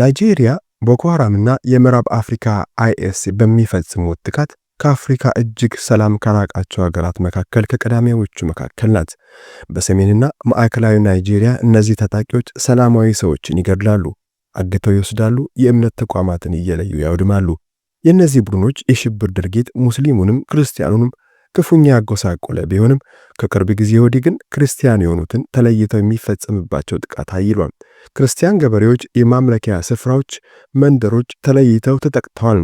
ናይጄሪያ ቦኮ ሐራምና የምዕራብ አፍሪካ አይኤስ በሚፈጽሙት ጥቃት ከአፍሪካ እጅግ ሰላም ከራቃቸው ሀገራት መካከል ከቀዳሚዎቹ መካከል ናት። በሰሜንና ማዕከላዊ ናይጄሪያ እነዚህ ታጣቂዎች ሰላማዊ ሰዎችን ይገድላሉ፣ አግተው ይወስዳሉ፣ የእምነት ተቋማትን እየለዩ ያውድማሉ። የእነዚህ ቡድኖች የሽብር ድርጊት ሙስሊሙንም ክርስቲያኑንም ክፉኛ ያጎሳቆለ ቢሆንም ከቅርብ ጊዜ ወዲህ ግን ክርስቲያን የሆኑትን ተለይተው የሚፈጸምባቸው ጥቃት አይሏል። ክርስቲያን ገበሬዎች፣ የማምለኪያ ስፍራዎች፣ መንደሮች ተለይተው ተጠቅተዋል።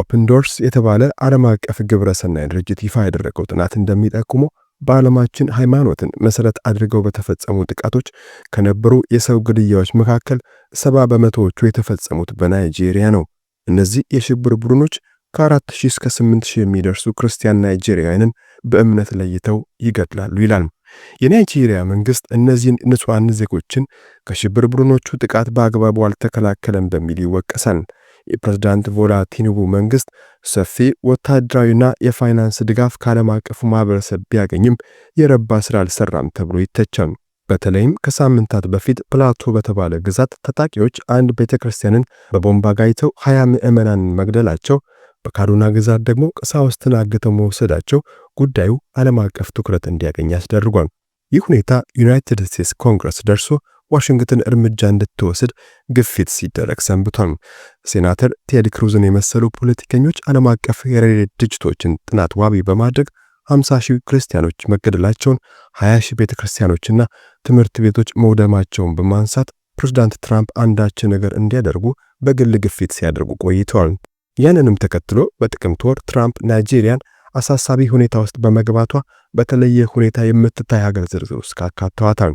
ኦፕን ዶርስ የተባለ ዓለም አቀፍ ግብረ ሰናይ ድርጅት ይፋ ያደረገው ጥናት እንደሚጠቁመው በዓለማችን ሃይማኖትን መሠረት አድርገው በተፈጸሙ ጥቃቶች ከነበሩ የሰው ግድያዎች መካከል ሰባ በመቶዎቹ የተፈጸሙት በናይጄሪያ ነው። እነዚህ የሽብር ቡድኖች ከ4000 እስከ 8000 የሚደርሱ ክርስቲያን ናይጄሪያውያንን በእምነት ለይተው ይገድላሉ ይላል። የናይጄሪያ መንግስት እነዚህን ንጹሐን ዜጎችን ከሽብር ቡድኖቹ ጥቃት በአግባቡ አልተከላከለም በሚል ይወቀሳል። የፕሬዝዳንት ቦላ ቲኑቡ መንግስት ሰፊ ወታደራዊና የፋይናንስ ድጋፍ ከዓለም አቀፉ ማህበረሰብ ቢያገኝም የረባ ስራ አልሰራም ተብሎ ይተቻል። በተለይም ከሳምንታት በፊት ፕላቶ በተባለ ግዛት ታጣቂዎች አንድ ቤተ ክርስቲያንን በቦምብ አጋይተው 20 ምዕመናንን መግደላቸው በካዱና ግዛት ደግሞ ቀሳውስትን አግተው መውሰዳቸው ጉዳዩ ዓለም አቀፍ ትኩረት እንዲያገኝ አስደርጓል። ይህ ሁኔታ ዩናይትድ ስቴትስ ኮንግረስ ደርሶ ዋሽንግተን እርምጃ እንድትወስድ ግፊት ሲደረግ ሰንብቷል። ሴናተር ቴድ ክሩዝን የመሰሉ ፖለቲከኞች ዓለም አቀፍ የረድኤት ድርጅቶችን ጥናት ዋቢ በማድረግ 50 ሺህ ክርስቲያኖች መገደላቸውን፣ 20 ሺህ ቤተ ክርስቲያኖችና ትምህርት ቤቶች መውደማቸውን በማንሳት ፕሬዝዳንት ትራምፕ አንዳች ነገር እንዲያደርጉ በግል ግፊት ሲያደርጉ ቆይተዋል። ያንንም ተከትሎ በጥቅምት ወር ትራምፕ ናይጄሪያን አሳሳቢ ሁኔታ ውስጥ በመግባቷ በተለየ ሁኔታ የምትታይ ሀገር ዝርዝር ውስጥ ካካተዋታል።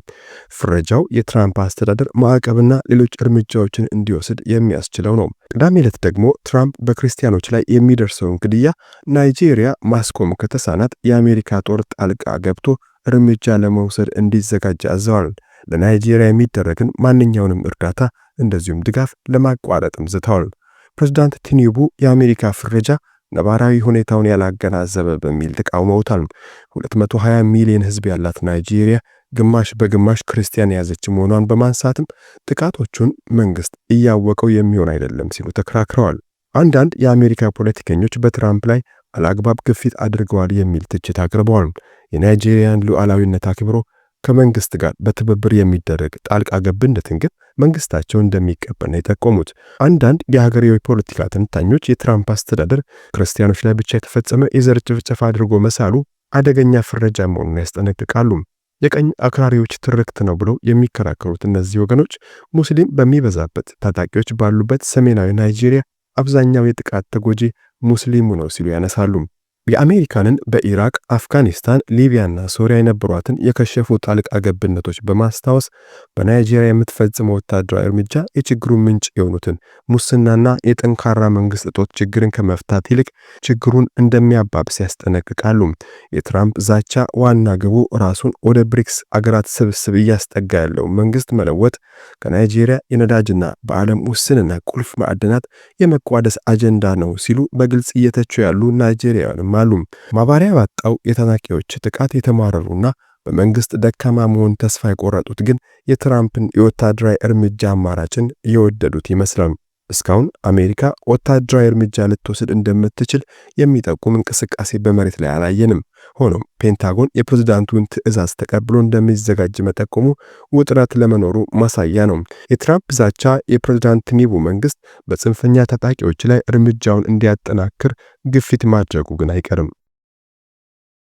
ፍረጃው የትራምፕ አስተዳደር ማዕቀብና ሌሎች እርምጃዎችን እንዲወስድ የሚያስችለው ነው። ቅዳሜ ዕለት ደግሞ ትራምፕ በክርስቲያኖች ላይ የሚደርሰውን ግድያ ናይጄሪያ ማስቆም ከተሳናት የአሜሪካ ጦር ጣልቃ ገብቶ እርምጃ ለመውሰድ እንዲዘጋጅ አዘዋል። ለናይጄሪያ የሚደረግን ማንኛውንም እርዳታ እንደዚሁም ድጋፍ ለማቋረጥም ዝተዋል። ፕሬዝዳንት ቲኒቡ የአሜሪካ ፍረጃ ነባራዊ ሁኔታውን ያላገናዘበ በሚል ተቃውመውታል። 220 ሚሊዮን ህዝብ ያላት ናይጄሪያ ግማሽ በግማሽ ክርስቲያን የያዘች መሆኗን በማንሳትም ጥቃቶቹን መንግስት እያወቀው የሚሆን አይደለም ሲሉ ተከራክረዋል። አንዳንድ የአሜሪካ ፖለቲከኞች በትራምፕ ላይ አላግባብ ግፊት አድርገዋል የሚል ትችት አቅርበዋል። የናይጄሪያን ሉዓላዊነት አክብሮ ከመንግስት ጋር በትብብር የሚደረግ ጣልቃ ገብነትን ግን መንግስታቸው እንደሚቀበል ነው የጠቆሙት። አንዳንድ የሀገራዊ ፖለቲካ ተንታኞች የትራምፕ አስተዳደር ክርስቲያኖች ላይ ብቻ የተፈጸመ የዘር ጭፍጨፋ አድርጎ መሳሉ አደገኛ ፍረጃ መሆኑን ያስጠነቅቃሉ። የቀኝ አክራሪዎች ትርክት ነው ብለው የሚከራከሩት እነዚህ ወገኖች ሙስሊም በሚበዛበት ታጣቂዎች ባሉበት ሰሜናዊ ናይጄሪያ አብዛኛው የጥቃት ተጎጂ ሙስሊሙ ነው ሲሉ ያነሳሉ። የአሜሪካንን በኢራቅ አፍጋኒስታን፣ ሊቢያና ሶሪያ የነበሯትን የከሸፉ ጣልቃ ገብነቶች በማስታወስ በናይጄሪያ የምትፈጽመው ወታደራዊ እርምጃ የችግሩ ምንጭ የሆኑትን ሙስናና የጠንካራ መንግስት እጦት ችግርን ከመፍታት ይልቅ ችግሩን እንደሚያባብስ ያስጠነቅቃሉ። የትራምፕ ዛቻ ዋና ግቡ ራሱን ወደ ብሪክስ አገራት ስብስብ እያስጠጋ ያለው መንግስት መለወጥ ከናይጄሪያ የነዳጅና በዓለም ውስንና ቁልፍ ማዕድናት የመቋደስ አጀንዳ ነው ሲሉ በግልጽ እየተቸው ያሉ ናይጄሪያውያን ይጠቀማሉ። ማባሪያ ባጣው የተናቂዎች ጥቃት የተማረሩና በመንግስት ደካማ መሆን ተስፋ የቆረጡት ግን የትራምፕን የወታደራዊ እርምጃ አማራጭን የወደዱት ይመስላል። እስካሁን አሜሪካ ወታደራዊ እርምጃ ልትወስድ እንደምትችል የሚጠቁም እንቅስቃሴ በመሬት ላይ አላየንም። ሆኖም ፔንታጎን የፕሬዝዳንቱን ትዕዛዝ ተቀብሎ እንደሚዘጋጅ መጠቆሙ ውጥረት ለመኖሩ ማሳያ ነው። የትራምፕ ዛቻ የፕሬዝዳንት ኒቡ መንግስት በጽንፈኛ ታጣቂዎች ላይ እርምጃውን እንዲያጠናክር ግፊት ማድረጉ ግን አይቀርም።